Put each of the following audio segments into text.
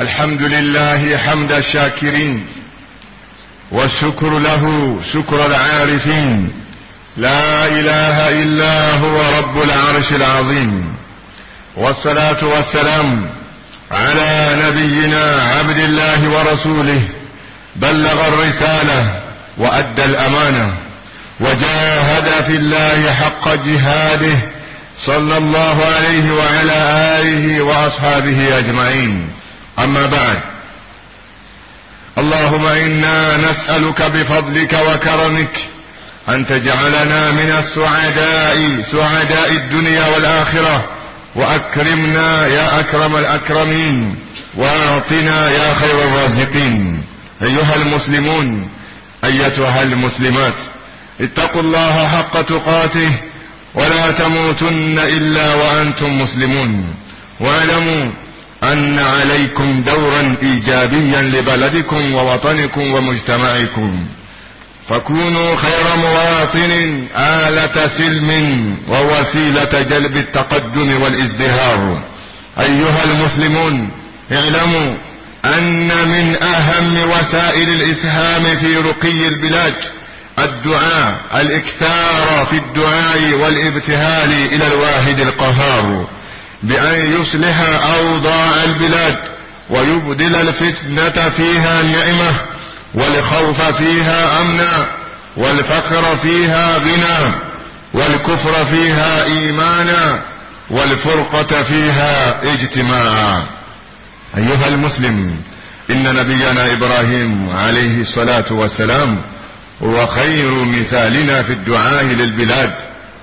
الحمد لله حمد الشاكرين والشكر له شكر العارفين لا إله إلا هو رب العرش العظيم والصلاة والسلام على نبينا عبد الله ورسوله بلغ الرسالة وأدى الأمانة وجاهد في الله حق جهاده صلى الله عليه وعلى آله وأصحابه أجمعين أما بعد اللهم إنا نسألك بفضلك وكرمك أن تجعلنا من السعداء سعداء الدنيا والآخرة وأكرمنا يا أكرم الأكرمين وأعطنا يا خير الرازقين أيها المسلمون أيتها المسلمات اتقوا الله حق تقاته ولا تموتن إلا وأنتم مسلمون واعلموا أن عليكم دورا إيجابيا لبلدكم ووطنكم ومجتمعكم فكونوا خير مواطن آلة سلم ووسيلة جلب التقدم والازدهار أيها المسلمون اعلموا أن من أهم وسائل الإسهام في رقي البلاد الدعاء الاكثار في الدعاء والابتهال إلى الواحد القهار بأن يصلح أوضاع البلاد ويبدل الفتنة فيها نعمة والخوف فيها أمنا والفقر فيها غنى والكفر فيها إيمانا والفرقة فيها اجتماعا أيها المسلم إن نبينا إبراهيم عليه الصلاة والسلام هو خير مثالنا في الدعاء للبلاد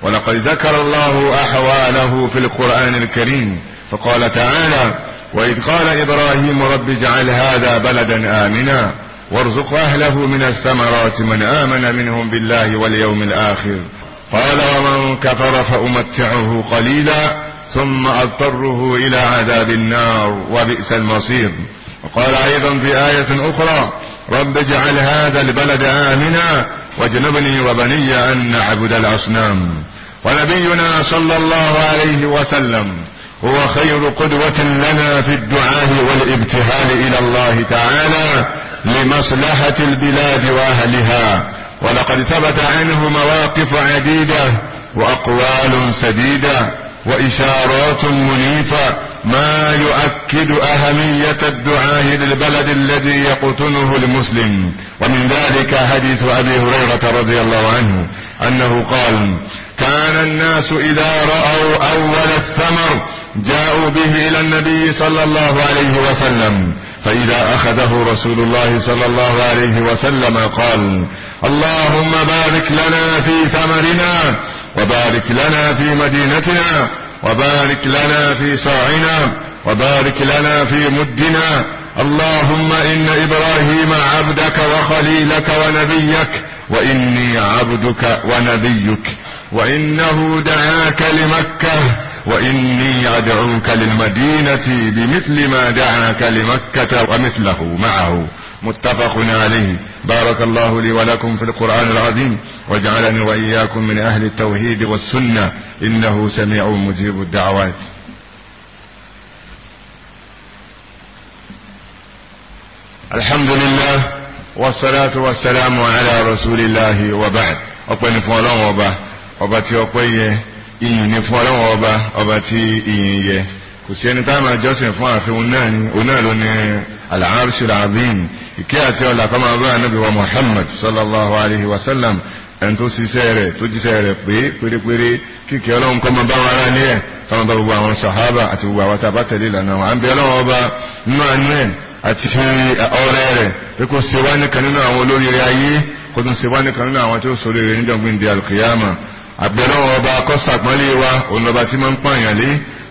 ولقد ذكر الله أحواله في القرآن الكريم فقال تعالى وإذ قال إبراهيم رب اجعل هذا بلدا آمنا وارزق أهله من الثمرات من آمن منهم بالله واليوم الآخر قال ومن كفر فأمتعه قليلا ثم أضطره إلى عذاب النار وبئس المصير وقال أيضا في آية أخرى رب اجعل هذا البلد آمنا واجنبني وبني أن نعبد الأصنام ونبينا صلى الله عليه وسلم هو خير قدوة لنا في الدعاء والابتهال إلى الله تعالى لمصلحة البلاد وأهلها ولقد ثبت عنه مواقف عديدة وأقوال سديدة وإشارات منيفة ما يؤكد أهمية الدعاء للبلد الذي يقتنه المسلم ومن ذلك حديث أبي هريرة رضي الله عنه أنه قال كان الناس إذا رأوا أول الثمر جاءوا به إلى النبي صلى الله عليه وسلم فإذا أخذه رسول الله صلى الله عليه وسلم قال اللهم بارك لنا في ثمرنا وبارك لنا في مدينتنا وبارك لنا في صاعنا وبارك لنا في مدنا اللهم إن إبراهيم عبدك وخليلك ونبيك وإني عبدك ونبيك وإنه دعاك لمكة وإني أدعوك للمدينة بمثل ما دعاك لمكة ومثله معه متفق عليه بارك الله لي ولكم في القرآن العظيم واجعلني وإياكم من أهل التوحيد والسنة إنه سميع مجيب الدعوات الحمد لله والصلاة والسلام على رسول الله وبعد أقول فولان وبعد ọba tí ọpẹ́ yẹ ìyìn ní fún ọlọ́wọ́n ọba ọba tí ìyìn yẹ kò sí ẹni táwọn àjọsìn fún àfihàn náà ni òun náà ló ní al-arshil àti ọlà kọ́mọ bá anábì wa Muhammad sallallahu alayhi wa sallam ẹni tó ṣiṣẹ́ rẹ̀ tó jíṣẹ́ rẹ̀ pé pérépéré kíkẹ́ ọlọ́run kọ́mọ bá wọn ara ní ẹ̀ kọ́mọ bá gbogbo àwọn sàhábà àti gbogbo àwọn tàbá tẹ̀lé ìlànà wọn à ń bẹ ọlọ́run ọba nínú àánú àti ọrẹ rẹ̀ pé kò ṣe wá nìkan nínú àwọn olóríire ayé kò tún ṣe wá nìkan nínú àwọn tó sọ àbẹ̀lọ́wọ́ ọba kọ́sàpọ́nlé wa òun ọba tí máa ń pààyàn lé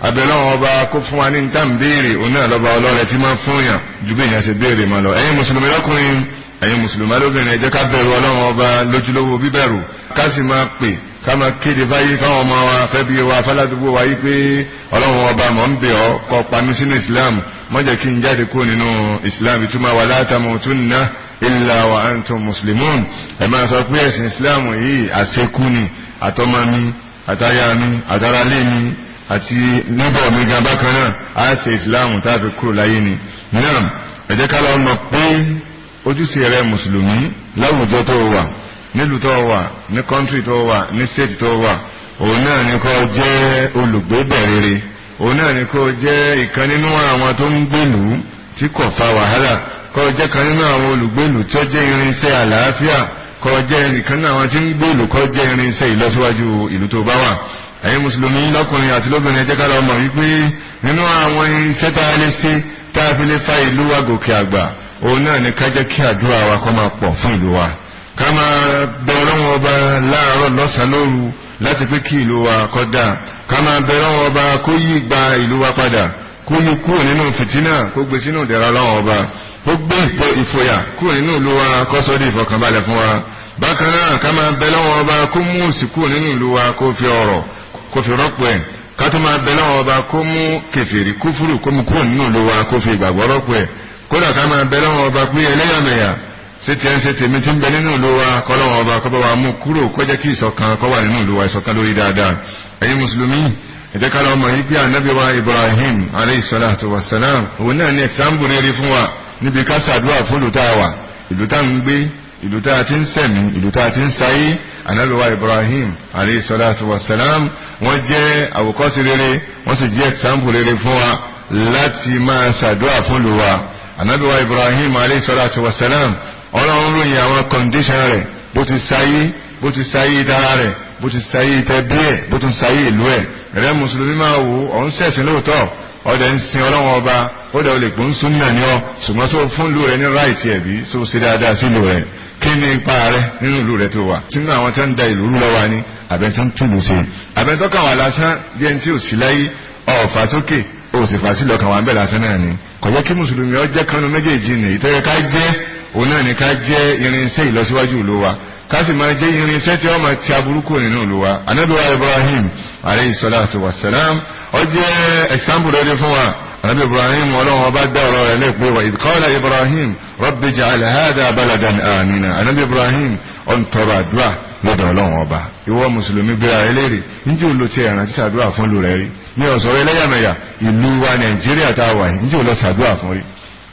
àbẹ̀lọ́wọ́ ọba kó fún wa ní níta ń béèrè òun náà lọ́ba ọlọ́rẹ̀ tí máa ń fún yàn ju bí èèyàn ṣe béèrè mọ́ lọ ẹ̀yin mùsùlùmí lọ́kùnrin ẹ̀yin mùsùlùmí lóbìnrin ẹ ká bẹ̀rù ọlọ́run ọba lójúlówó bíbẹ̀rù ká sì máa pè ká máa kéde fáyé fáwọn ọmọ wa fẹ́bi wa fáládùúgbò wa yí pé ọlọ́run ọba mọ̀ ń bẹ̀ ọ́ kọ́ pa mí sínú ìsìláàmù má kí n jáde kúrò nínú ìsìláàmù ìtumọ̀ wà látàmú tún náà illa wa antum muslimun ẹ máa sọ pé ẹ̀sìn islam yìí àṣekú ni àtọ́mọ mi àtayá mi àtàrálé mi àti níbọ̀ mi gan bákan náà á ṣe islam tá a fi kúrò láyé ni náà ẹ jẹ́ ká lọ mọ̀ pé ojúṣe rẹ mùsùlùmí láwùjọ tó wà nílùú tó wà ní kọ́ńtírì tó wà ní stéètì tó wà òun náà ni kó jẹ́ olùgbé bẹ̀rẹ̀ òun náà ni kó jẹ́ ìkan nínú àwọn tó ń gbèlú tí kò fa wàhálà kó jẹ́ kan nínú àwọn olùgbèlú tí ó jẹ́ irinṣẹ́ àlàáfíà kó jẹ́ náà àwọn tí ń gbèlú kó jẹ́ ìlọsíwájú ìlú tó bá wà ẹ̀yin mùsùlùmí lọ́kùnrin àti lóbìnrin ẹ ká lọ mọ̀ wípé nínú àwọn irinṣẹ́ tá a lè ṣe tá a fi lè fa ìlú wa gòkè àgbà òun náà ni ká jẹ́ kí àdúrà wa kó máa pọ̀ fún ìlú wa ká máa bẹ ọlọ́run ọba láàárọ̀ lọ́sàn-án lóru láti pé kí ìlú wa kó dáa ká máa bẹ ọlọ́run ọba kó yí gba ìlú wa padà kó yí kúrò nínú fìtínà kó gbé sínú ìdẹ̀ra ọlọ́run ọba gbogbo ìpò ìfòyà kúrò nínú ìlú wa kọ́sọ́dí ìfọkànbalẹ̀ fún wa bákan náà ká máa bẹ lọ́wọ́ ọba kó mú òsì kúrò nínú ìlú wa kó fi ọ̀rọ̀ kó fi rọ́pò ẹ̀ ká tó máa bẹ lọ́wọ́ ọba kó mú kẹfìrí kúfúrú kó mú kúrò nínú ìlú wa kó fi ìgbàgbọ́ rọ́pò ẹ̀ kódà ká máa bẹ lọ́wọ́ ọba pé ẹlẹ́yàmẹ̀yà ṣé tiẹ̀ ń ṣe Ibrahim aleyhi salatu wa salam òun náà níbi ká ṣàdúrà fún ìlú tá a wà ìlú tá a ń gbé ìlú tá a ti ń sẹ̀mí ìlú tá a ti ń sáyé anábìwá Ibrahim alayhi salatu wa salam wọ́n jẹ́ àwòkọ́sí rere wọ́n sì jẹ́ ẹ̀sáǹpù rere fún wa láti máa ṣàdúrà fún ìlú wa anábìwá Ibrahim alayhi salatu wa salam ọlọ́run ròyìn àwọn kọ̀ǹdíṣàn rẹ̀ bó ti sáyé bó ti sáyé dára rẹ̀ bó ti sáyé tẹ́bí ẹ̀ bó ti sáyé ìlú ẹ̀ rẹ̀ mùsùlùmí máa wò ó ń lóòótọ́ ọdẹ ń sin ọlọ́wọ́n ọba ó dẹ̀ olè gbọ́n súnà ní ọ ṣùgbọ́n tó fún lù rẹ ní ráìtì ẹ̀bí tó ṣe dáadáa sí lù rẹ kí ni ipa rẹ nínú ìlú rẹ tó wà sínú àwọn tó ń da ìlú rú lọ́wọ́ ni àbẹ̀tọ́ ń túlù sí àbẹ̀tọ́ kàn wà lásán bí ẹni tí ò sí láyé ọ̀fà sókè ó sì fà sílẹ̀ kàn wà ń lásán náà ni kò yẹ kí mùsùlùmí ọ jẹ́ méjèèjì ni ìtọ́jẹ́ ká jẹ́ òun náà ni ká jẹ́ irinṣẹ́ ìlọsíwájú ìlú wa ká sì máa jẹ́ irinṣẹ́ tí wọ́n máa ti aburú kúrò nínú ìlú wa anábíwá Ibrahim alayhi salatu wa salam ó jẹ́ example rere fún wa anabi ibrahim ọlọ́run ọba dá ọ̀rọ̀ rẹ̀ ní ìpè wa ìkọ́lá ibrahim rabbi ja'al hadha baladan amina anabi ibrahim ọ̀n tọrọ àdúrà lọ́dọ̀ ọlọ́run ọba ìwọ mùsùlùmí gbéra eléèrè níjẹ́ olú ti ẹ̀ràn títí àdúrà fún lù rẹ̀ rí ní ọ̀sọ̀rọ̀ ẹlẹ́yàmẹ̀yà ìlú wa nàìjíríà tá a wà yìí níjẹ́ olú ṣàdúrà fún rí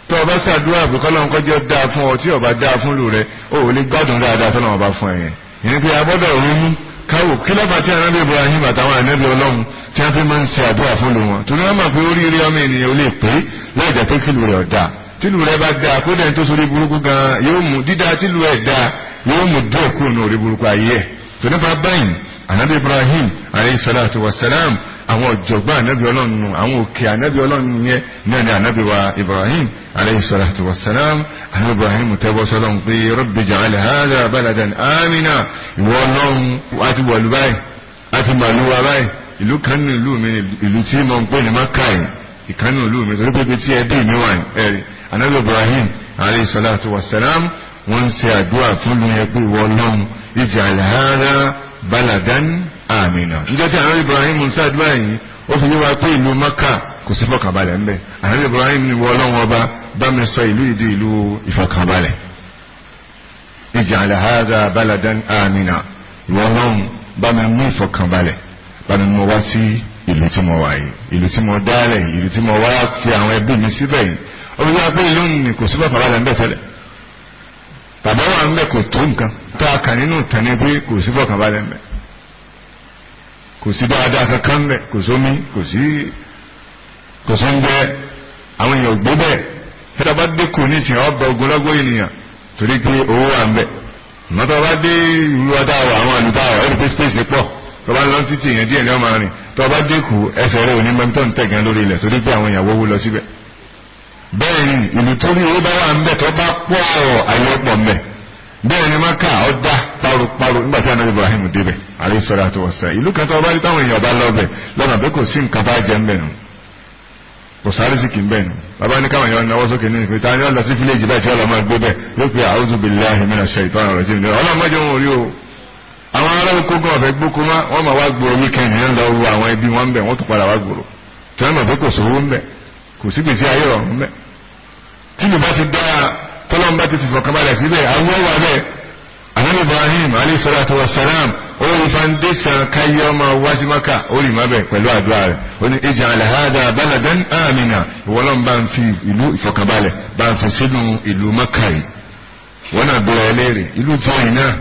tó o bá ṣàdúrà bí kọ́lọ́n kọjọ́ dáa fún ọ tí o bá dáa fún lù rẹ o ò lè gbádùn dáadáa tó náà bá fún ẹ yẹn ìrìn abọ́dọ̀ ronú káwò kí lọ́ba tí anabi ibrahim àtàwọn anabi ọlọ́run tí wọ́n fi máa ń ṣe àdúrà fún lu wọn torí wọ́n mọ̀ pé oríire ọmọ ènìyàn ò lè pé láì jẹ́ pé kìlù rẹ̀ ọ̀dà tìlù rẹ̀ bá dáa kó dẹ̀ tó sórí burúkú gan yóò mú dídá tìlù ẹ̀ dáa yóò mú díẹ̀ kúrò ní orí burúkú ayé ẹ̀ tó nípa báyìí anabi ibrahim alayhi salatu wa salam àwọn ọ̀jọ̀gbọ́n anabi ọlọ́run nù àwọn òkè anabi ọlọ́run yẹn náà ni anabi wa ibrahim alayhi salatu wa salam anabi ibrahim tẹ́wọ́ sọlọ́run pé rabbi ja'al hadha baladan amina ìwọ ọlọ́run àti wọ̀lú báyìí àti màlúwa báyìí ìlú kan nínú ìlú mi ìlú tí mo ń pè ní maka yìí ìkan nínú ìlú mi torí pé ibi tí ẹbí mi wà ẹ̀rí anabi ibrahim alayhi salatu wa salam wọ́n ń ṣe àdúrà fún lu yẹn pé wọ́n lọ́hùn ij'al hadha baladan amina. níjọ́ tí anabi ibrahim ń ṣàdúrà yìí ó fi yé wa pé ìlú maka kò sí fọkànbalẹ̀ ńbẹ anabi ibrahim ni wọ́n lọ́hùn ọba bá mi sọ ìlú ìdí ìlú ìfọkànbalẹ̀ ij'al hadha baladan amina wọ́n lọ́hùn bá mi mú ìfọkànbalẹ̀ bani mo wá sí ìlú tí mo wà yìí ìlú tí mo dálẹ̀ ìlú tí mo wá fi àwọn ẹbí mi síbẹ̀ yìí ó fi wá pé ìlú ni kò sí bàbá rẹ̀ ń bẹ̀ tẹ́lẹ̀ bàbá wa ń bẹ̀ kò tó nǹkan tá a kà nínú ìtàn ni pé kò sí bọ̀kan bá rẹ̀ ń bẹ̀ kò sí dáadáa kankan ń bẹ̀ kò sómi kò sí kò sóúnjẹ àwọn èèyàn gbé bẹ́ẹ̀ fẹ́rẹ́ bá dé kò ní ìsìn ọgbà ogunlọ́gbọ̀ ènìyàn torí pé owó wà ń bẹ̀ mọ́tò bá dé ìlú ọ̀dà àwọn àlùdá ẹ̀rọ tọba lọ títì yẹn díẹ̀ ní ọmọ rìn tọba dẹkù ẹsẹ̀ rẹ òní mẹtọ ntẹ gan lórí ilẹ̀ torí pé àwọn ìyàwó owó lọ síbẹ̀ bẹ́ẹ̀ ni ìlú tó ní owó bá wà ńbẹ̀ tó bá pọ̀ àyọpọ ńbẹ̀ bẹ́ẹ̀ ni maka ọdá paruparu nígbà tí anabi ibrahim débẹ̀ aleṣọra tó wọsẹ ìlú kan tó bá rí táwọn èèyàn bá lọbẹ lọnà pé kò sí nǹkan bá jẹ ńbẹ̀ nù kò sáré sí kì í nù àwọn ará oko gan ọ̀fẹ́ gbóko má wọ́n máa wá gbòòrò wíkẹ́ndì náà lọ wo àwọn ẹbí wọn ń bẹ̀ wọ́n tún padà wá gbòòrò tí wọ́n mọ̀ pé kò sówó ń bẹ̀ kò sí gbèsè ayé ọ̀run ń bẹ̀ tí mi bá ti dá tọ́lọ́mù bá ti fìfọ̀ kan balẹ̀ síbẹ̀ àwọn wà bẹ́ẹ̀ anabi Ibrahim alayhi salatu wa salam olórí fandéṣàn káyé ọmọ wáṣímákà olè má bẹ̀ pẹ̀lú àdúrà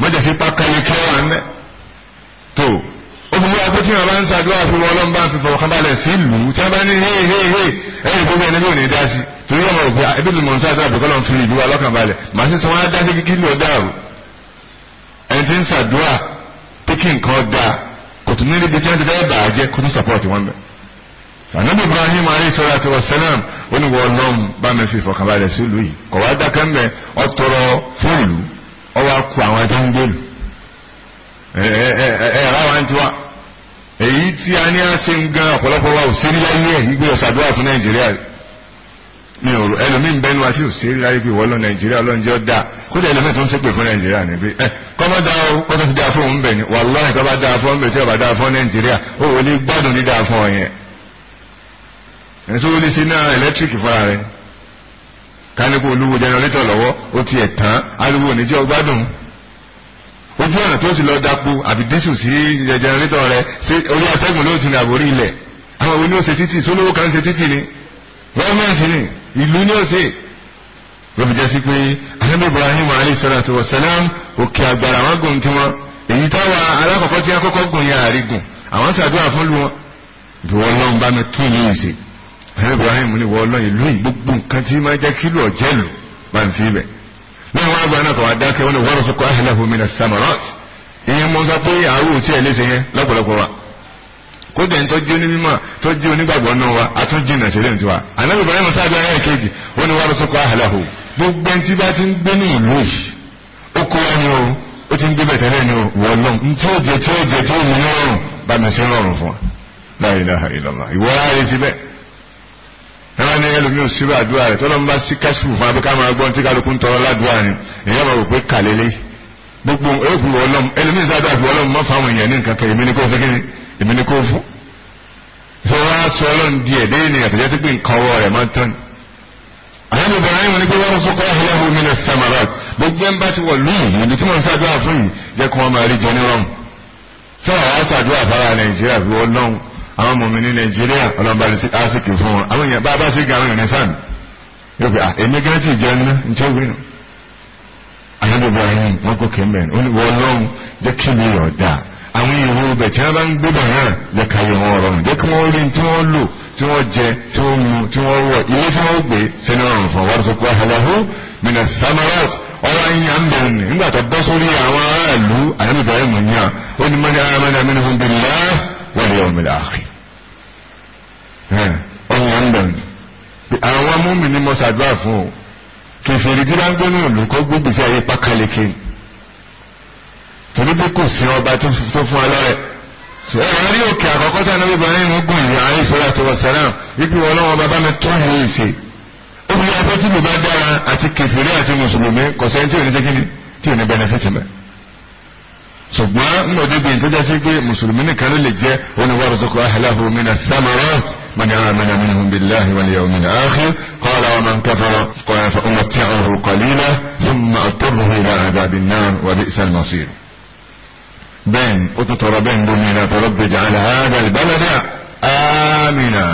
mọ́jà fi pákálẹ̀ kí wà ńlẹ̀ tó obìnrin wa pé tí wọn bá ń ṣàdúrà fún wọn lọ́nba fi fọwọ́kàn balẹ̀ sí ìlú tí wọn bá ní hey hey hey ẹ̀yìn gbogbo ẹni bí ò ní dá sí torí wọn rò pé ebi ni mò ń ṣàdúrà pé kọ́lọ́n fi ìlú wa lọ́kàn balẹ̀ màá sì sọ wọn dá sí kíkí ló dá o ẹni tí ń ṣàdúrà pé kí nǹkan dá kò tún níbi tí wọn ti fẹ́ bàá kó tún support wọn bẹ̀. ànábì Ibrahim alayhi salatu wa salam ó ní wọ́n lọ́n bá mi fi fọkànbalẹ̀ sí ìlú ọwọ́ akú àwọn tó ń gbèlú ẹ̀ẹ́dá wa ń tiwa èyí tí a ní àṣẹ ń gan ọ̀pọ̀lọpọ̀ wa ò ṣe rí láyé ẹ̀ gbé ọ̀ṣàdúrà fún nàìjíríà mi ò ẹlòmíín bẹ́ẹ̀ ni wa sí ò ṣe rí láyé pé ìwọ́lọ́ nàìjíríà ọlọ́njẹ́ ọ̀dà kódà ẹlòmíín tó ń ṣépè fún nàìjíríà ni pé ẹ kọ́mọ́ dáa ó kọ́tà ti dáa fún òun bẹ̀ ni wàláhì tó bá dáa fún òun bẹ̀ tí ó bá dáa fún nàìjíríà ó wò gbádùn ní dáa fún ọ yẹn ẹ̀sùn ó lè ṣe náà ẹlẹ́tíríkì fúnra rẹ̀ kánípò olúwo jẹnẹrétọ̀ lọ́wọ́ ó tiẹ̀ tán ariwo ní tí ó gbádùn ojú ọ̀nà tó sì lọ dapo àbí dísù sí jẹnẹrétọ̀ rẹ ṣé orí atẹ́gùn ló ti ní àbórí ilẹ̀ àwọn òní ó ṣe títì sólówó kan ṣe títì ni gọ́ọ̀mẹ̀ntì ni ìlú ni ó ṣe ló fi sí pé ànábì Ibrahim alayhi salatu wa salam òkè àgbàrá wọn gùn tiwọn èyí táwa alákọ̀ọ́kọ́ tí akọ́kọ́ gùn yà àrígùn àwọn ṣàdúrà fún lu wọn ìwọ bá mi tún yìí ṣe Ibrahim ní wọ́n lọ́yìn lóyìn gbogbo nǹkan tí máa jẹ́ kílò ọ̀jẹ́ lò ń fi bẹ̀. wọn àgbà náà kọ̀ wọn ni wọ́n ìyẹn mọ́ àárò tí ẹ̀ léṣe yẹn lọ́pọ̀lọpọ̀ wa. kó dẹ̀ ń tọ́jú tọ́jú onígbàgbọ́ náà wa àtúnjì wọ́n gbogbo ni o wọ́n lọ́n ní ẹlòmíì ò síbẹ̀ àdúrà rẹ̀ tọ́lọ́ ń bá sí káṣífù fún abẹ́ká máa gbọ́n tí kálukú ń tọrọ ládùúrà ni èèyàn máa rò pé kàlélẹ́ gbogbo ẹ̀kú ọlọ́m ẹlòmíì sáadà àti ọlọ́m má fáwọn èèyàn ní nǹkan kan èmi ni kò fún kíni èmi ni kò fún. ìṣòro aṣọ ọlọ́run di ẹ̀dẹ́ ènìyàn tẹ̀jẹ́ sí pé nǹkan ọwọ́ rẹ̀ máa ń tán. àyàn Ibrahim ní ní samarat gbogbo ẹ̀ ń bá ti wọ̀ lóyún ìdí tí wọ́n ń sáadà fún yìí jẹ́ kí wọ́n àwọn mọ̀mí ní nàìjíríà ọlọ́ba àsìkò fún wọn àwọn èèyàn bá bá sí gàrún ìrìn sáà yóò fi èmi gan ti jẹun ná ní tí ó gbìnà àyẹ̀dọ̀bọ̀ ẹ̀yìn wọn kò kí mẹ́rin ó ní wọ́n lọ́hùn jẹ́ kí mi yọ̀ dà àwọn ìwò ibẹ̀ tí wọ́n bá ń gbé bọ̀ náà jẹ́ ká yẹ wọn rọrùn jẹ́ kí wọ́n rí tí wọ́n lò tí wọ́n jẹ tí wọ́n mu tí wọ́n wọ̀ ilé tí wọ́n gbé sẹ́ni ọ̀rùn fún wọn fún ahalahu mina samarat ọ̀rọ̀ ayé ń bẹ̀rẹ̀ nígbà tó bọ́ sórí àwọn aráàlú àyẹ̀dọ̀bọ̀ ẹ̀yìn mọ̀ ó ní mọ́ni aramẹ́ni amínú fún bíi wal-yawmil akhir ọ̀hún ọ̀ndọ̀n àwọn múmi ni mo ṣàdúrà fún o kẹfìrì tí bá ń gbóná ìlú kó gbóbi sí ayé pákáleke torí pé kò sí ọba tó fún ọlọ́rẹ̀ ẹ̀rọ rí òkè àkọ́kọ́ tí a náà bíbọn nínú gùn ìlú ayé ìṣòro àti wọ̀sẹ̀rán wípé wọn lọ́wọ́ bàbá mi tọ́ ẹ̀yìn ìṣe ó fi yàtọ̀ tí bá dára àti kẹfìrì àti mùsùlùmí kọ̀sẹ́ńtì oníṣẹ́kìnì tí ò ní bẹ́nẹ́fìtì ṣùgbọ́n nígbàdé bí n tó jẹ́ sí pé mùsùlùmí nìkan ló lè jẹ́ oníwàrúsọ́kọ̀ ahlahu min ath-thamarat man amana minhum billahi wal yawmil akhir qala wa man kafara fa umatti'uhu qalilan thumma adtarruhu ila adhabin nar wa bi'sal masir. بين وتتربين بمنا فرب اجعل هذا البلد آمنا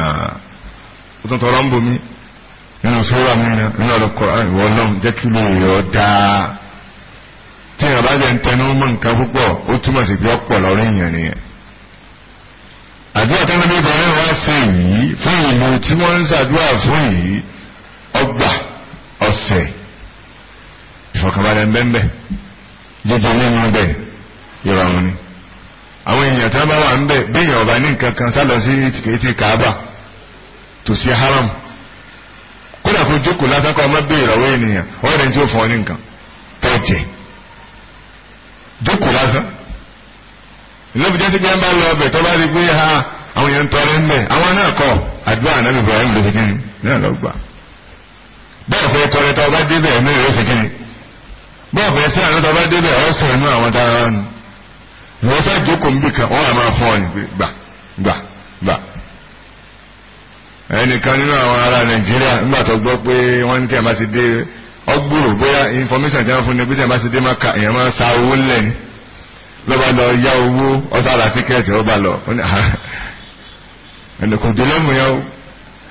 وتتربين بمنا من سورة منا من القرآن والله جكلوا يودا tí a bá jẹ ń tẹnu mọ́ nǹkan púpọ̀ ó túmọ̀ sí pé ọ̀pọ̀ lọ́rọ̀ èèyàn nìyẹn. àdúrà táwọn ẹbí ìbọn wá ṣe yìí fún ìlú tí wọ́n ń ṣàdúrà fún yìí ọgbà ọ̀sẹ̀ ìfọ̀kànbalẹ̀ ńbẹ́ńbẹ́ jíjẹ nínú ọbẹ̀ ni. àwọn èèyàn tí wọ́n bá wà ń bẹ̀ bí èèyàn haram kódà kó jókòó ọmọ ènìyàn ọ̀rẹ́ jókòó lásán lóbi jẹ́ sí pé ẹ bá lọ ọbẹ̀ tó bá rí pé ha àwọn yẹn ń tọrẹ ń àwọn náà kọ àdúrà ànábì Ibrahim ló ṣe kí ni náà lọ gbà bẹ́ẹ̀ fẹ́ tọrẹ tó bá débẹ̀ ẹ̀mí rẹ̀ ó ṣe kí ni bẹ́ẹ̀ fẹ́ sí àná a wọ́n sá jókòó níbi kan ọgbòrò bóyá information tí wọ́n fún ni bí tẹ̀ bá ti dé máa ka èèyàn máa sa owó ńlẹ̀ ni lọ́ba lọ yá owó ọ̀sára tíkẹ́ẹ̀tì ọba lọ ẹnìkan dé lẹ́mú yẹn o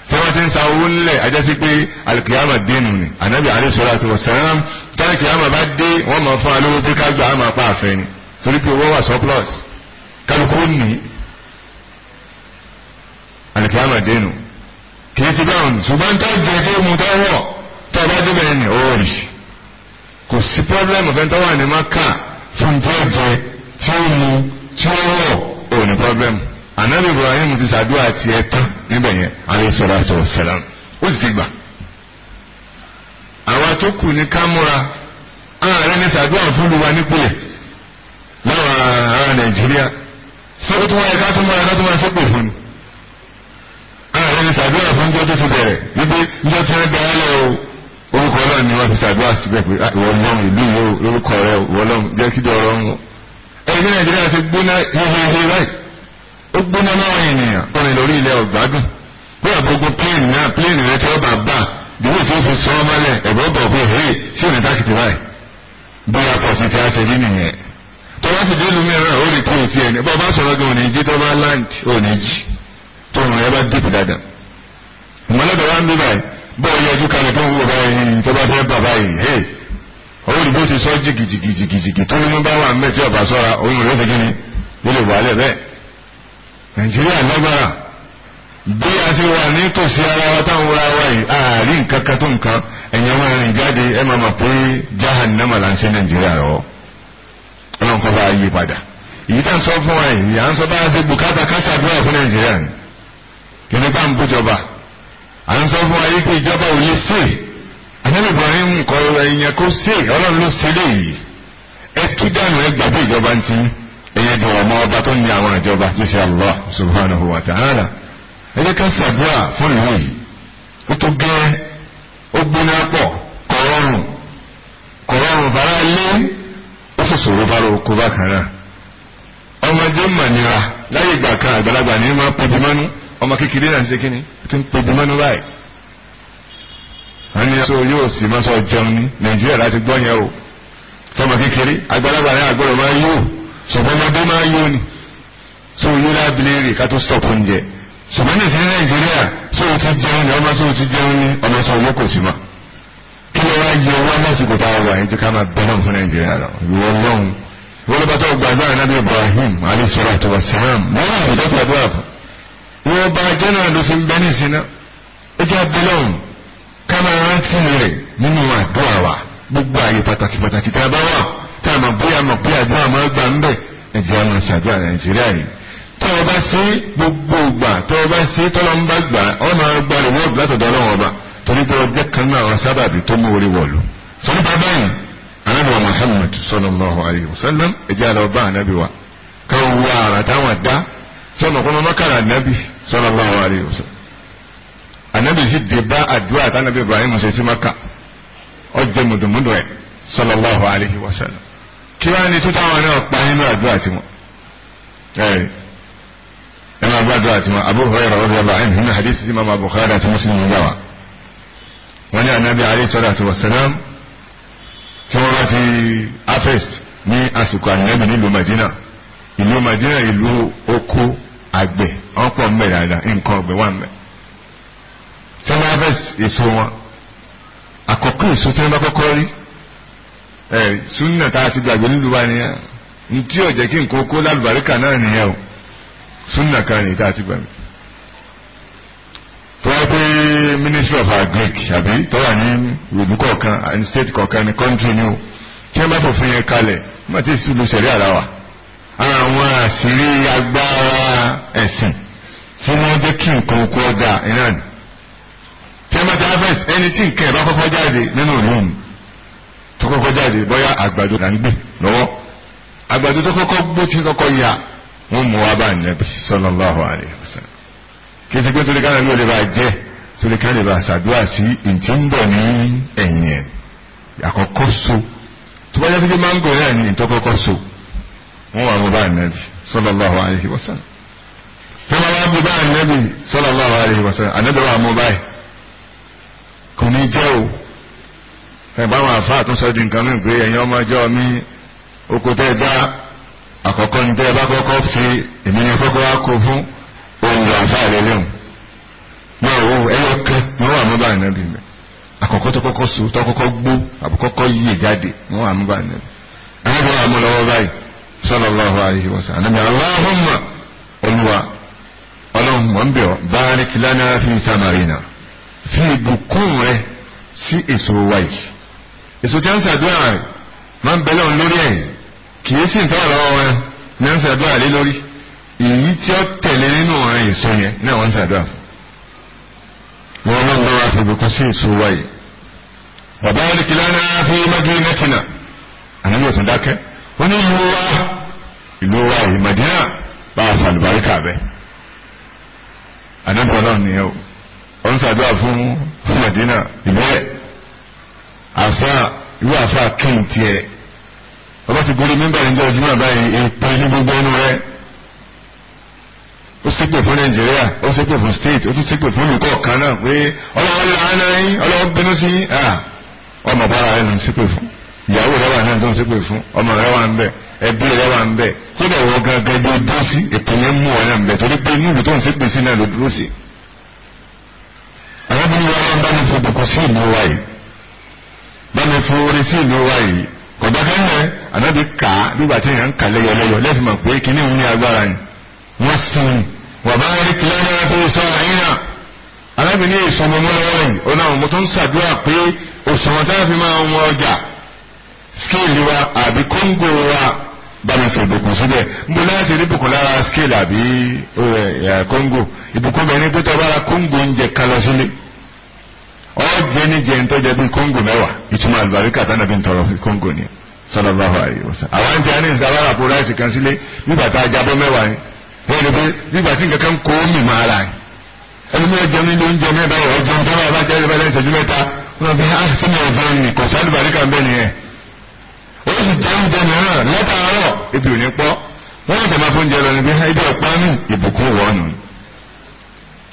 tí wọ́n ti ń sa owó ńlẹ̀ ajá sí pé alikiyama dénú ni anabi alayisalaam ti wọ sẹ́yìn tí alikiyama bá dé wọ́n máa fún alówó bí ká gbà á máa pa àfẹ́ ni torí pé owó wà surplus kálukú ní alikiyama dénú kì í ti báwọn ṣùgbọ́n tó jẹ́ kí mo wọ̀ tọ́ba débẹ̀ ni ó rì sí kò sí pọ́blẹ́mù kan tó wà ní maka fún jẹ́jẹ́ tí ó mu tí ó wọ̀ ò ní pọ́blẹ́mù anabi ibrahim ti ṣàdúrà tiẹ̀ tán níbẹ̀ yẹn alayhi salatu wa salam ó sì ti gbà àwa tó kù ní kámúra ààrẹ ní ṣàdúrà fúnluwa nípìnlẹ̀ láwọn ará nàìjíríà sọ́kò tó wáyé ká tó máa ká sọ́kò fún ààrẹ ní ṣàdúrà fún jọ́jọ́ ti bẹ̀rẹ̀ wípé jọ́jọ́ ti ń bẹ̀rẹ̀ lọ́wọ́ náà ni wọ́n fi ṣàdúrà síbẹ̀ pé ah, ìwọlọ́run ìlú yóò lórúkọ rẹ ìwọlọ́run jẹ́ kí dọ̀rọ̀ ń wọ́n. ẹni bí nàìjíríà ṣe gbóná hehehe báyìí ó gbóná náà ènìyàn kọrin lórí ilẹ̀ ọ̀gbádùn bí àgbogbo plane náà plane rẹ tí ó bá bà dìbò tó fi sọ ọ́ mọ́lẹ̀ ẹ̀bọ́ bọ̀ pé hey ṣé ìrìn tákìtì báyìí bí apọ̀ sí ti aṣẹ rí nìyẹn tó bá ti dé lu mìíràn ó lè kó o tiẹ̀ ní bá bá sọ̀rọ̀ gan òní bọ́ọ̀ yẹ ojú kalẹ̀ tó ń wò báyìí tó bá fẹ́ bà báyìí hey owó ìdìbò ti sọ jìgìjìgìjìgì tó ní mú bá wà ń bẹ̀ tí ọ̀bà sọ́ra òun ló ṣe kíni nílé wàhálẹ̀ bẹ́ẹ̀ nàìjíríà lágbára bí a ṣe wà nítòsí ara wa táwọn wúra wa yìí ààrí nǹkan kan tó nǹkan ẹ̀yàn wọn rìn jáde ẹ máa mọ̀ pé jahannama là ń ṣe nàìjíríà lọ́wọ́ ọlọ́run kọ́ bá yí padà èyí tá à ń sọ fún wa yìí à ń sọ bá a ṣe bùkátà káṣàdúrà à ń sọ fún wa yìí pé ìjọba ò lè ṣe ànábì Ibrahim kọ ẹ̀yìn kó ṣe ọlọ́run ló ṣe léyìí ẹ tú dànù ẹ gbàgbé ìjọba ń ti ẹ̀yẹ dùn ọmọ ọba tó ní àwọn ìjọba tí ṣe Allah subhanahu wa ta'ala ẹ jẹ́ ká ṣàdúrà fún ìlú yìí ó tó gẹ́ ó gbóná pọ̀ kọ̀ọ̀rùn kọ̀ọ̀rùn bàrà ilé ó sì ṣòro bá ro kó ọmọdé mọ̀ láyé ìgbà kan àgbàlagbà ní máa pọ̀ bí mọ́nú ọmọ kékeré náà ń ṣe kíni ti ń pèbí mọ́nú báyìí. wọ́n ní so yóò sì máa sọ jẹun ní nàìjíríà láti gbọ́ yẹn o fọmọ kékeré agbálagbà ní àgbọ̀rọ̀ máa yóò sọ̀bọ́mọdé máa yóò ni so yóò lábìlẹ̀ rè ká tó stop oúnjẹ ṣùgbọ́n ní ìsinmi nàìjíríà so o ti jẹun ní ọmọ so o ti jẹun ní ọmọ sọ owó kò sí mọ́ kí ló wá yẹ wá lásìkò tá a wà yẹn tó ká máa bẹ́ẹ̀ fún nàìjíríà lọ ìwọ ọlọ́run Ibrahim alayhi salatu wa salam wọ́n wọn bá jẹ́nà ló ṣe ń bẹ́ nísìn náà ó jẹ́ abúlọ́hùn ká máa rántí rẹ̀ nínú àdúrà wa gbogbo àyè pàtàkì pàtàkì tá a bá wà tá a mọ̀ bóyá mọ̀ bóyá àdúrà máa gbà ń bẹ̀ ẹ̀jẹ̀ àmọ̀ ṣàdúrà nàìjíríà yìí tá a bá ṣe gbogbo ìgbà tá a bá ṣe tọ́lọ́ ń bá gbà ọ́ máa gba reward látọ̀dọ̀ ọlọ́run ọba torí pé ọjọ́ kan náà àwọn sábàbí tó mú orí wọ̀lú torí bàbá yìí anabi wa muhammad sallallahu alayhi wa sallam ẹ̀jẹ̀ àlọ́ bá anabi wa káwọn wú ara táwọn dá sọ̀nà kọ́mọ́ mọ́kàlà anabi sallallahu alaihi wasallam anabi sì dé bá àdúrà tánàbí ibrahim ṣe sí maka ọjọ́ mùdùmùdù ẹ̀ sallallahu alaihi wasallam kí wá ní títà wọn náà pa nínú àdúrà tiwọn ẹ ẹ máa gbá àdúrà tiwọn abu hurairah radiyallahu anhu nínú hadith tí mama bukhari àti muslim ń gbà wá wọn ní anabi alaihi salatu wasalam tí wọ́n bá ti harvest ní àsìkò ànábì nílùú madina ìlú madina ìlú oko Agbe. wọ́n pọ̀ dada bẹ̀ dáadáa nǹkan ọ̀gbìn wà ń bẹ̀. tí wọ́n bá fẹ́ èso wọn àkọ́kọ́ èso tí wọ́n bá kọ́kọ́ rí ẹ̀ súnà tá a ti gbàgbé nílùú ministry of agric abi tọwa wà ní ìlú and state kọ̀ọ̀kan ní ni o lu àwọn àṣírí agbára ẹ̀sìn tí wọ́n jẹ́ kí nǹkan oko ọ̀dà iná ni. tẹ́mẹ́tẹ́ harvest ẹni tí nǹkan ẹ̀ bá kọ́kọ́ jáde nínú òun ni tó kọ́kọ́ jáde bóyá àgbàdo là ń gbè lọ́wọ́ àgbàdo tó kọ́kọ́ gbó tí kọ́kọ́ ya wọ́n mú wa bá nẹ́bí sallallahu alaihi wasallam kí ẹsẹ̀ pé torí ká lè lè bá jẹ́ torí ká lè bá ṣàdúrà sí ìtí ń bọ̀ ní ẹ̀yìn ẹ̀ àkọ́kọ́ so tó bá yẹ wọ́n wà bùbá ànẹ́bì sallallahu alaihi wasallam tó máa wá bùbá ànẹ́bì sallallahu alaihi wasallam ànẹ́bì wà mú báyìí kò ní o ẹ̀bá àwọn di nǹkan mìíràn pé ẹ̀yin ọmọ ọjọ́ mi oko tẹ́ dá ní bá èmi wá kó fún òun lọ rẹ náà ó ẹyọ ni wà mú sallallahu alayhi wa sallam ànábì aláhùnmá olúwa ọlọ́run mọ̀ ń bẹ̀ ọ́ bárik lana fi samarina fi ìbùkún rẹ sí èso wa yìí èso tí a ń ṣàdúrà rẹ máa ń bẹ lọ́run lórí ẹ̀yìn kì í sì ń tọ́wọ̀ lọ́wọ́ wọn ní à ń ṣàdúrà lé lórí èyí tí ó tẹ̀lé nínú ọ̀ràn èso yẹn náà wọ́n ń ṣàdúrà fún wọn náà ń bá wa fi ìbùkún sí èso wa yìí bàbá rẹ kìlá náà fi mọ́gí nẹ́tìnà àná yóò tún dákẹ́ wọ́n ní ìlú wa ìlú wa yìí Madina bá a fàlùbáríkà bẹ́ẹ̀ anábọ̀ náà nìyẹn o wọ́n sàdúrà fún Madina ìbẹ́ẹ̀ àfa ìwé àfa kéǹtì ẹ̀ wọ́n bá ti gorí mímbà ìjọ ìjìnlẹ̀ báyìí èèpẹ̀ ní gbogbo ẹnu rẹ̀ ó ṣépè fún Nàìjíríà ó ṣépè fún state ó tún ṣépè fún olùkọ́ kan náà pé ọlọ́wọ́ làánà yín ọlọ́wọ́ bínú sí yín ọmọ bára ẹ̀ ló ń ṣépè fún ìyàwó rẹ wà náà tó ń ṣépè fún ọmọ rẹ wà ń bẹ ẹbí rẹ wà ń bẹ kódà ìwọ gangan ló dúró sí ètò yẹn mú ọ̀rẹ́ bẹ torí pé inú ìlú tó ń ṣépè sí náà ló dúró sí. arábìnrin wa wọn bá mi fò bùkún sí ìlú wa yìí bá mi fò orí sí ìlú wa yìí kọ̀dá kẹ́lẹ́ ànábi kà á nígbà tí èèyàn ń kà lẹ́yọlẹ́yọ lẹ́fìmà pé kíní òun ní agbára ni wọ́n sin wà bá rí kíláàdá tó sọ àyín náà arábìnrin èso mọ́mọ́ lọ́wọ́ yìí scale wa àbí kóńgò wa bámi fi ìbùkún síbẹ̀ nbọ láti rí ìbùkún lára scale àbí kóńgò eh, eh, ìbùkún bẹ̀ ní pé tọ́ bára kóńgò oúnjẹ ká lọ sílé ọ̀jẹ̀ ní jẹ́ ń tọ́jà bí kóńgò mẹ́wàá ìtumọ̀ àlùbáríkà tánà bí ń tọrọ kóńgò ni sallallahu alaihi wasallam. àwọn ti àní ìsàlá àpò ráìsì kan sílé nígbà tá a jábọ́ mẹ́wàá ni bẹ́ẹ̀ ni pé nígbà tí nǹkan kan kó mi máa ra ẹni mi ò jẹun nílé oúnjẹ mẹ́ta ọ̀jẹ̀ ń tọ́lá ọ̀bá jẹ́ ẹ̀rẹ́ lẹ́sẹ̀ jù mẹ́ta wọn fi hàn sí ah, mi ọ̀jẹ̀ ni kò bẹ́ẹ̀ nìyẹn ó sì jẹ́ oúnjẹ mìíràn látàárọ̀ ebi ò ní pọ́ wọ́n lè sọ̀rọ̀ fún jẹ́rọ níbi ibi ọ̀pá mi ìbùkún wọ̀ọ́nù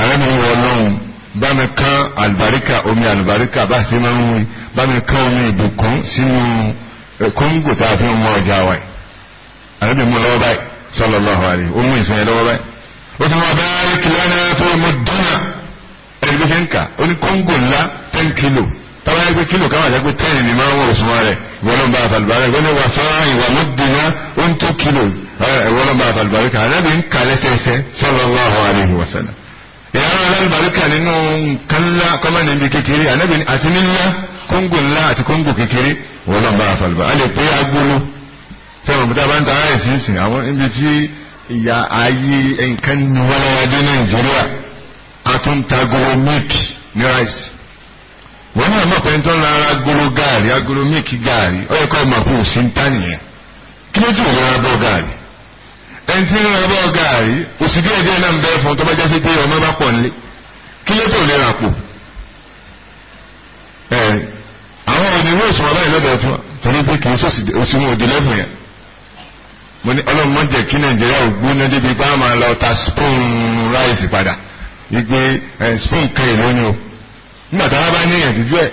arábìnrin wọ lọ́hùn bá mi kán àlùbáríkà omi àlùbáríkà bá sì máa ń wí bá mi kán omi ìbùkún sínú eh, kóńgò tá a fi ń mọ ọjà wa yìí arábìnrin mú lọ́wọ́ báyìí sallallahu alaihi ó mú ìfẹ́ yẹn lọ́wọ́ báyìí ó ti wọ́n báyìí kìlá náà tó mọ ten kilo tọ́wọ́ yẹ pé kílò káwọn àti pé tẹ́ẹ̀nì ni máa ń wọ̀ súnmọ́ rẹ̀ ìwọ́lọ́mbà àtàlùbárẹ̀ ìwọ́lọ́ wà sáà ìwà ló dìnnà ó ń tó kílò ìwọ́lọ́mbà àtàlùbárẹ̀ kan ànábì ń kà lẹ́sẹẹsẹ sallallahu alaihi wasallam. ìyára àtàlùbárẹ̀ nínú nǹkan ńlá kọ́mọ́nì ibi kékeré ànábì àti nílá kóńgò ńlá àti kóńgò kékeré ìwọ́lọ́mbà àtàlùbárẹ̀ alẹ́ pé agbolo sẹ́wọ̀n bí táwọn ta ayé wọn náà mọ̀ pé tó ń ra agolo gaari agolo mílíkì gaari ọ yẹ ọmọ kó o sí ń tà nìyẹn kí ló tún wọn ra bọ́ gaari ẹni tí ń ra bọ́ gaari òsì díẹ̀ díẹ̀ náà ń bẹ́ fún tọ́ba jásí pé ọmọ bá pọ̀ nílé kí ló pò ẹ àwọn onírú báyìí lọ́dọ̀ torí pé òdì yẹn mo ní ọlọ́run a máa lọ ta mbata tá a bá ní ìyànjú ẹ̀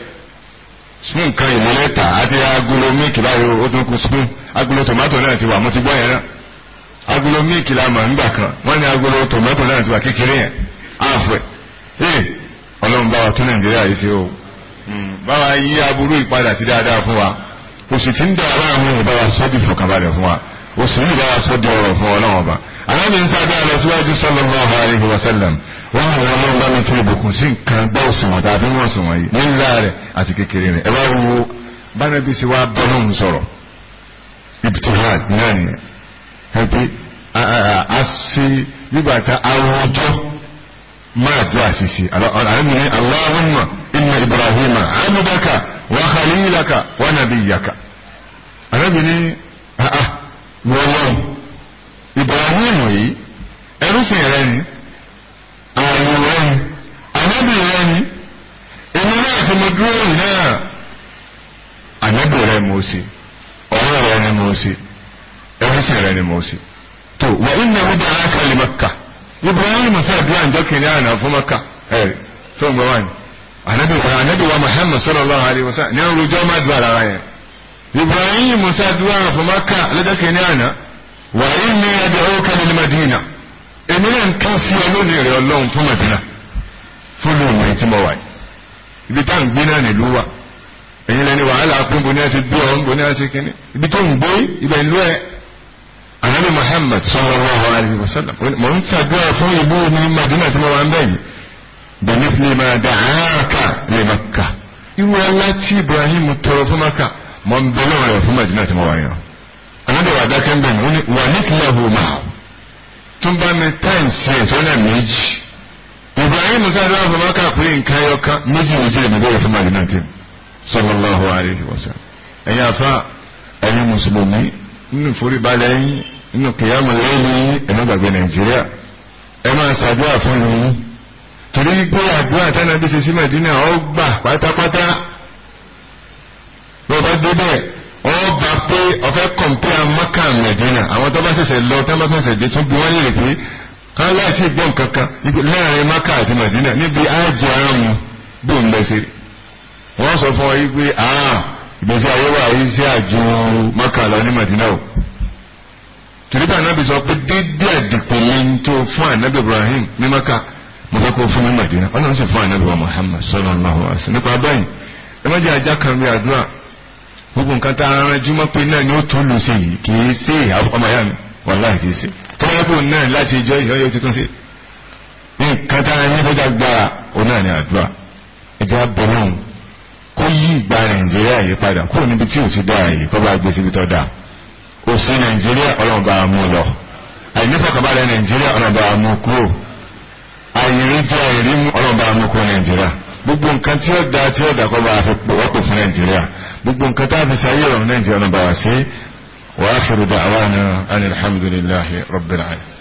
spoon kan ìmọ̀lẹ́ta àti agolo míìkì báyìí ó tún kú spoon agolo tomato náà ti wà mo ti gbọ́ yẹn náà agolo míìkì la mọ̀ nígbà kan ní tomato náà ti wà kékeré yẹn àfẹ́ ee ọlọ́run bá wa tún nàìjíríà yìí ṣe o hmm, bá yí aburú ìpadà sí dáadáa fún wa tí ń wa fún wa fún ọba wọ́n àwọn ọlọ́run bá mi fi ìbùkún sí nǹkan bá òṣùwọ̀n tàbí wọ́n òṣùwọ̀n yìí nílá rẹ̀ àti kékeré rẹ̀ ẹ wá wo bánàbí sí wá bọ́lọ́hún sọ̀rọ̀ ibtihad náà nìyẹn ẹ pé a ṣe bíbàtà àwùjọ máa dùn àṣìṣe àlẹ́mi ní aláhùnmá inna ibrahima abudaka wa khalilaka wa nabiyaka àlẹ́mi ní wọ́n lọ́rùn ibrahima yìí ẹrú sìn rẹ̀ ni. dúró náà ànábì rẹ mo ṣe ọ̀rọ̀ rẹ ni mo ṣe ẹ̀rísìn rẹ ni mo ṣe tó wà ìnà mi dára kálí maka ibrahim sàdúrà ǹjọ́ kìnìún àná fún maka ẹ̀rí tó ń gbọ́ wá ní ànábì wa ànábì wa muhammad sallallahu alayhi wa sallam ní ọ̀rọ̀ ọjọ́ má dùn àrà yẹn ibrahim sàdúrà fún maka lọ́jọ́ àná wà ìnà ẹ̀dẹ̀rọ̀ kálí madina èmi náà ń tán sí ibi tá à ń gbé náà nílùú wa ẹ̀yin lẹni wàhálà pé bo ní a ti gbé ọ bo ní a ti kíní ibi tó ń gbé ibẹ̀ ń lọ ẹ. anabi muhammad sallallahu alayhi wa sallam mo ń ṣàdúrà fún ìbú ní madina tí mo wà ń bẹ̀ yìí bẹ̀mí fi máa dà áàkà lè maka irú ọlá tí ibrahim tọrọ fún maka mo ń bẹ lọ́wọ́ rẹ̀ fún madina tí mo wà yìí. anabi wà dákẹ́ ń bẹ̀ wà ní kílẹ̀ hù tún bá mi táyì sí ẹ̀ sọ́nà méjì. ibrahim sa za fa maka kuyin kayo ka miji waje ne bai fa magana tin sallallahu alaihi wasallam ẹ̀yin afa ẹ̀yin mùsùlùmí nínú forí balẹ̀ yín nínú kìyàmù lẹ́yìn ẹ̀nà gbàgbé nàìjíríà ẹ máa ṣàdúrà fún yín torí pé àdúrà tánà bí ọ gbà pátápátá bó débẹ̀ pé ọ̀fẹ́ àwọn tó bá lọ tó kan láti gbọ́n kankan láàrin maka àti madina níbi àjẹ àrùn bóun lẹ́sẹ̀ wọ́n sọ fún ọ yí pé ìgbésí ayé wà yí sí àjò maka lọ ní madina o tìrìbà anábì sọ pé dédé àdìpẹ̀lẹ́ tó fún anábì ibrahim ní maka mo fẹ́ kó fún mi madina ọlọ́run sì fún anábì wa muhammad sallallahu alaihi wasallam nípa báyìí ẹ má jẹ́ ajá kan bí àdúrà gbogbo nǹkan tá a rán jùmọ̀ pé náà ni ó tó lù sí yìí kì í sí ọmọ yá mi wàláhì kìí ṣe tọ́lẹ́kù náà láti ìjọ ìyọ́yọ́ tuntun sí nǹkan tára ní sọ́jà gbára òun náà ní àdúrà ẹ̀jẹ̀ abọ́lọ́hún kó yí ìgbà nàìjíríà yìí padà kúrò níbi tí ò ti dára yìí kó bá gbé síbi tó dáa òfin nàìjíríà ọlọ́run bá mú lọ àìnífọ̀kànbalẹ̀ nàìjíríà ọlọ́run bá mú kúrò àìríjẹ àìrímú ọlọ́run bá mú kúrò nàìjíríà gbogbo nǹkan tí ó da tí ó da kó bá fi wọ́pọ̀ fún nàìjíríà gbogbo nǹkan tá a fi ṣayé ọ̀run nàìjíríà ọlọ́run bá wá sí وآخر دعوانا أن الحمد لله رب العالمين